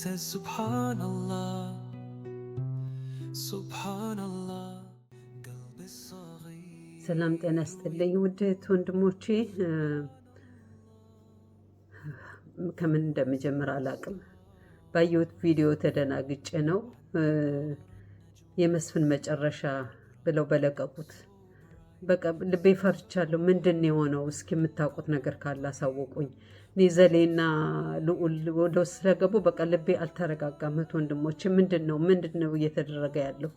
says subhanallah subhanallah ሰላም ጤና ይስጥልኝ ውድ ወንድሞቼ ከምን እንደምጀምር አላቅም ባየሁት ቪዲዮ ተደናግጬ ነው የመስፍን መጨረሻ ብለው በለቀቁት በቃ ልቤ ፈርቻለሁ። ምንድን የሆነው? እስኪ የምታውቁት ነገር ካለ አሳውቁኝ። ኒዘሌና ልዑል ወደ ውስጥ ስለገቡ በቃ ልቤ አልተረጋጋም። እህት ወንድሞች፣ ምንድን ነው ምንድን ነው እየተደረገ ያለው?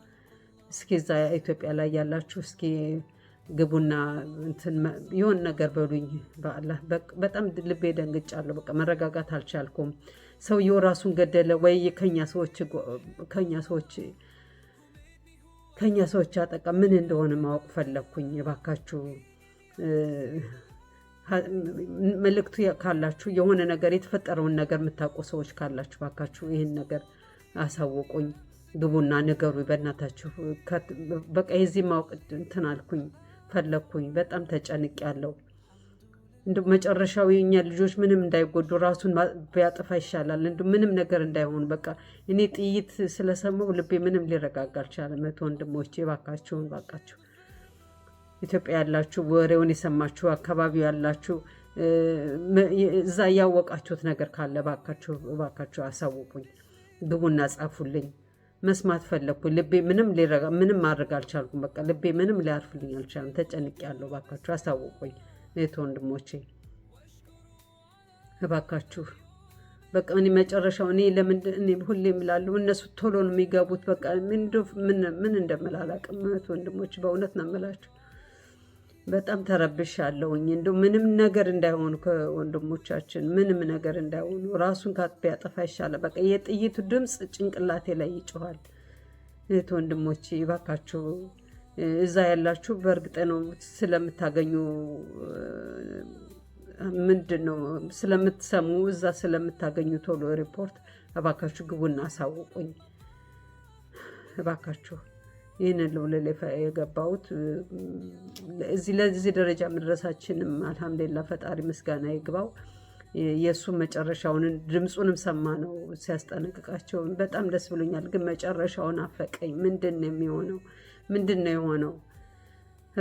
እስኪ እዛ ኢትዮጵያ ላይ ያላችሁ እስኪ ግቡና የሆን ነገር በሉኝ። በአላህ በጣም ልቤ ደንግጫለሁ። በቃ መረጋጋት አልቻልኩም። ሰውየው ራሱን ገደለ ወይ ከኛ ሰዎች ከእኛ ሰዎች አጠቃ ምን እንደሆነ ማወቅ ፈለግኩኝ። የባካችሁ መልእክቱ ካላችሁ የሆነ ነገር የተፈጠረውን ነገር የምታውቁ ሰዎች ካላችሁ ባካችሁ ይህን ነገር አሳውቁኝ፣ ግቡና ንገሩ በእናታችሁ። በቃ የዚህ ማወቅ እንትን አልኩኝ ፈለግኩኝ። በጣም ተጨንቅ ያለው እንደ መጨረሻው የኛ ልጆች ምንም እንዳይጎዱ ራሱን ቢያጠፋ ይሻላል። እንዲ ምንም ነገር እንዳይሆኑ በቃ እኔ ጥይት ስለሰማው ልቤ ምንም ሊረጋጋ አልቻለም። መቶ ወንድሞቼ፣ እባካችሁን እባካችሁ ኢትዮጵያ ያላችሁ ወሬውን የሰማችሁ አካባቢው ያላችሁ እዛ እያወቃችሁት ነገር ካለ እባካችሁ እባካችሁ አሳውቁኝ፣ ግቡና ጻፉልኝ። መስማት ፈለግኩ። ልቤ ምንም ምንም ማድረግ አልቻልኩም። በቃ ልቤ ምንም ሊያርፍልኝ አልቻለም። ያለው እባካችሁ አሳውቁኝ። እህት ወንድሞቼ እባካችሁ በቃ እኔ መጨረሻው እኔ ለምንድን እኔ ሁሌ የምላለሁ እነሱ ቶሎ ነው የሚገቡት። በቃ ምን እንደምል አላውቅም። እህት ወንድሞች በእውነት ነው የምላችሁ። በጣም ተረብሻለሁኝ። እንደው ምንም ነገር እንዳይሆኑ ከወንድሞቻችን ምንም ነገር እንዳይሆኑ ራሱን ቢያጠፋ ይሻላል። በቃ የጥይቱ ድምፅ ጭንቅላቴ ላይ ይጮኋል። እህት ወንድሞቼ እባካችሁ እዛ ያላችሁ በእርግጥ ነው ስለምታገኙ ምንድን ነው ስለምትሰሙ እዛ ስለምታገኙ ቶሎ ሪፖርት እባካችሁ ግቡና አሳውቁኝ። እባካችሁ ይህንን ልውልል የገባሁት እዚህ ለዚህ ደረጃ መድረሳችንም አልሐምዱሊላህ ፈጣሪ ምስጋና ይግባው። የእሱ መጨረሻውን ድምፁንም ሰማ ነው ሲያስጠነቅቃቸው በጣም ደስ ብሎኛል። ግን መጨረሻውን አፈቀኝ። ምንድን ነው የሚሆነው? ምንድን ነው የሆነው?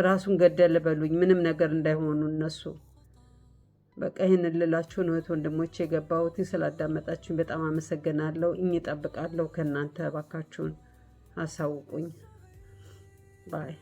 ራሱን ገደል በሉኝ፣ ምንም ነገር እንዳይሆኑ እነሱ። በቃ ይህን ልላችሁ ነው እህት ወንድሞቼ የገባሁት። ስላዳመጣችሁኝ በጣም አመሰግናለሁ። እኝ ጠብቃለሁ ከእናንተ እባካችሁን አሳውቁኝ ባይ